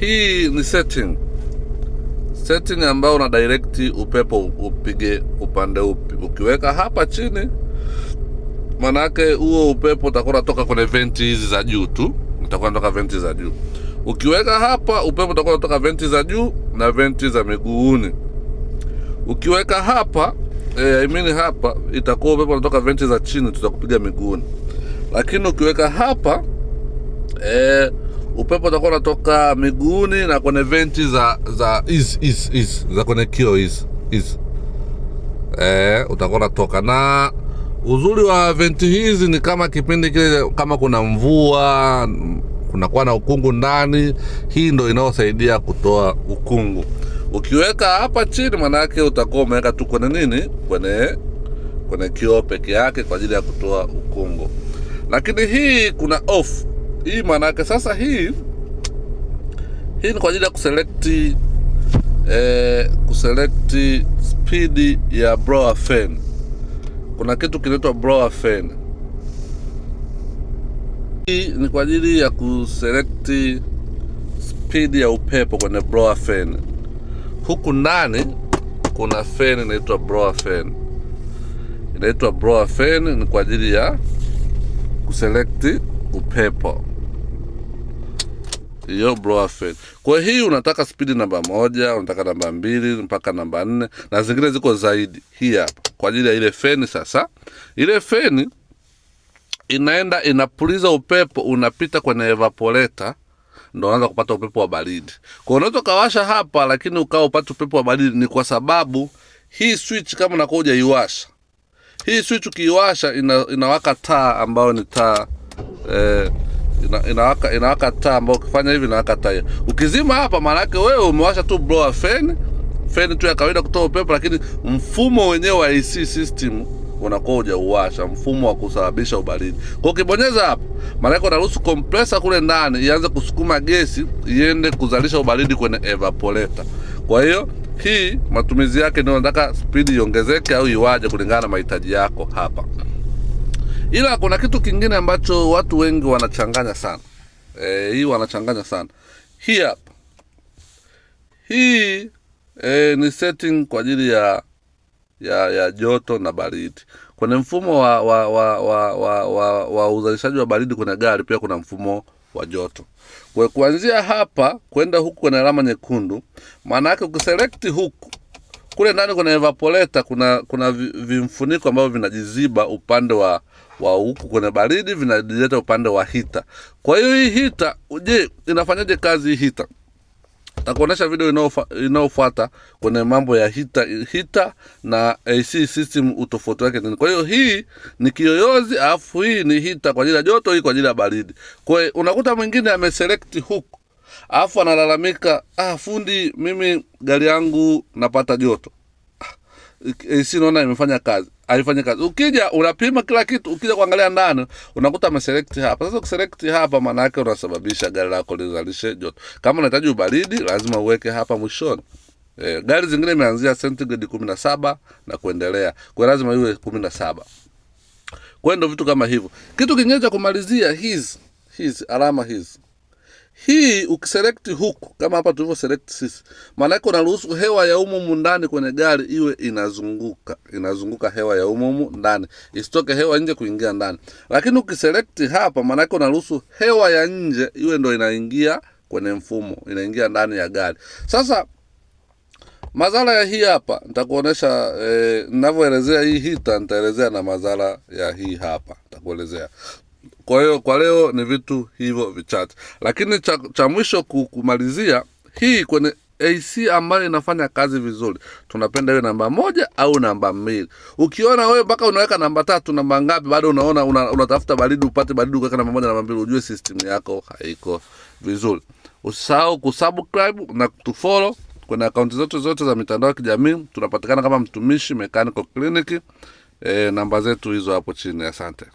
Hii ni setting setting ambayo una direct upepo upige upande upi. Ukiweka hapa chini, manake huo upepo utakuwa unatoka kwenye venti hizi za juu tu, utakuwa unatoka venti za juu. Ukiweka hapa, upepo utakuwa unatoka venti za juu na venti za miguuni. Ukiweka hapa eh, I mean hapa itakuwa upepo unatoka venti za chini, tutakupiga miguuni. Lakini ukiweka hapa eh, upepo utakuwa unatoka miguuni na kwenye venti za za is, is, is, za kwenye kio is, is. E, utakuwa unatoka na uzuri wa venti hizi ni kama kipindi kile, kama kuna mvua kunakuwa na ukungu ndani, hii ndo inayosaidia kutoa ukungu. Ukiweka hapa chini, manake utakuwa umeweka tu kwenye nini, kwenye kwenye kioo peke yake kwa ajili ya kutoa ukungu, lakini hii kuna off hii yake sasa hii hii ni kwa ajili ya kuselekti eh, kuselekti spidi ya blower fan. Kuna kitu kinaitwa blower fan. Hii ni kwa ajili ya kuselekti spidi ya upepo kwenye blower fan. Huku ndani kuna fan inaitwa blower fan, inaitwa blower fan, ni kwa ajili ya kuselekti upepo hiyo blower fan. Kwa hii unataka spidi namba moja, unataka namba mbili mpaka namba nne na zingine ziko zaidi. Hii hapa kwa ajili ya ile feni. Sasa ile feni inaenda inapuliza upepo, unapita kwenye evaporator ndo unaanza kupata upepo wa baridi. Kwa unaweza ukawasha hapa, lakini ukawa upate upepo wa baridi, ni kwa sababu hii switch kama unakuwa ujaiwasha hii switch, ukiiwasha ina, inawaka taa ambayo ni taa eh, inawaka ina, ina taa ambao ukifanya hivi inawaka taa. Ukizima hapa, maana yake wewe umewasha tu blower fan fan tu ya kawaida kutoa upepo, lakini mfumo wenyewe wa AC system unakuwa hujauwasha mfumo wa kusababisha ubaridi. Kwa ukibonyeza hapa, maana yake unaruhusu compressor kule ndani ianze kusukuma gesi iende kuzalisha ubaridi kwenye evaporator. Kwa hiyo hii matumizi yake ni unataka spidi iongezeke au iwaje kulingana na mahitaji yako hapa. Ila kuna kitu kingine ambacho watu wengi wanachanganya sana e, hii wanachanganya sana hii hapa hii e, ni setting kwa ajili ya ya ya joto na baridi kwenye mfumo wa wa wa wa wa, wa, wa uzalishaji wa baridi kwenye gari pia kuna mfumo wa joto. Kwa kuanzia hapa kwenda huku kwenye alama nyekundu, maana yake ukiselect huku kule ndani kuna evaporator, kuna kuna vimfuniko ambavyo vinajiziba upande wa wa huku kwenye baridi vinajileta upande wa hita. Kwa hiyo hii hita, je, inafanyaje kazi hii hita? Takuonesha video inayofuata kwenye mambo ya hita, hita na AC system utofauti wake nini. Kwa hiyo hii ni kiyoyozi, alafu hii ni hita kwa ajili ya joto, hii kwa ajili ya baridi. Kwa hiyo unakuta mwingine ameselect hook Alafu analalamika ah, fundi, mimi gari yangu napata joto ah, AC, naona imefanya kazi, alifanya kazi. Ukija unapima kila kitu, ukija kuangalia ndani unakuta ameselect hapa. Sasa ukiselect hapa, maana yake unasababisha gari lako lizalishe joto. Kama unahitaji ubaridi, lazima uweke hapa mwishoni. E, gari zingine imeanzia centigrade 17 na kuendelea, kwa lazima iwe 17. Kwa ndo vitu kama hivyo. Kitu kingine cha kumalizia hizi hizi alama hizi hii ukiselekti huku kama hapa tulivyo select sisi, maanake unaruhusu hewa ya umumu ndani kwenye gari iwe inazunguka inazunguka, hewa ya umumu ndani isitoke hewa nje kuingia ndani. Lakini ukiselekti hapa, maanake unaruhusu hewa ya nje iwe ndo inaingia kwenye mfumo, inaingia ndani ya gari. Sasa madhara ya hii hapa nitakuonesha, eh, ninavyoelezea hii hita nitaelezea na madhara ya hii hapa nitakuelezea. Kwa hiyo kwa leo ni vitu hivyo vichache, lakini cha, cha mwisho kumalizia hii kwenye AC ambayo inafanya kazi vizuri, tunapenda iwe namba moja au namba mbili. Ukiona wewe mpaka unaweka namba tatu, namba ngapi, bado unaona unatafuta una baridi, upate baridi kuweka namba moja, namba mbili, ujue system yako haiko vizuri. Usisahau kusubscribe na kutufollow kwenye akaunti zetu zote za mitandao ya kijamii. Tunapatikana kama Mtumishi Mechanical Clinic. E, namba zetu hizo hapo chini. Asante.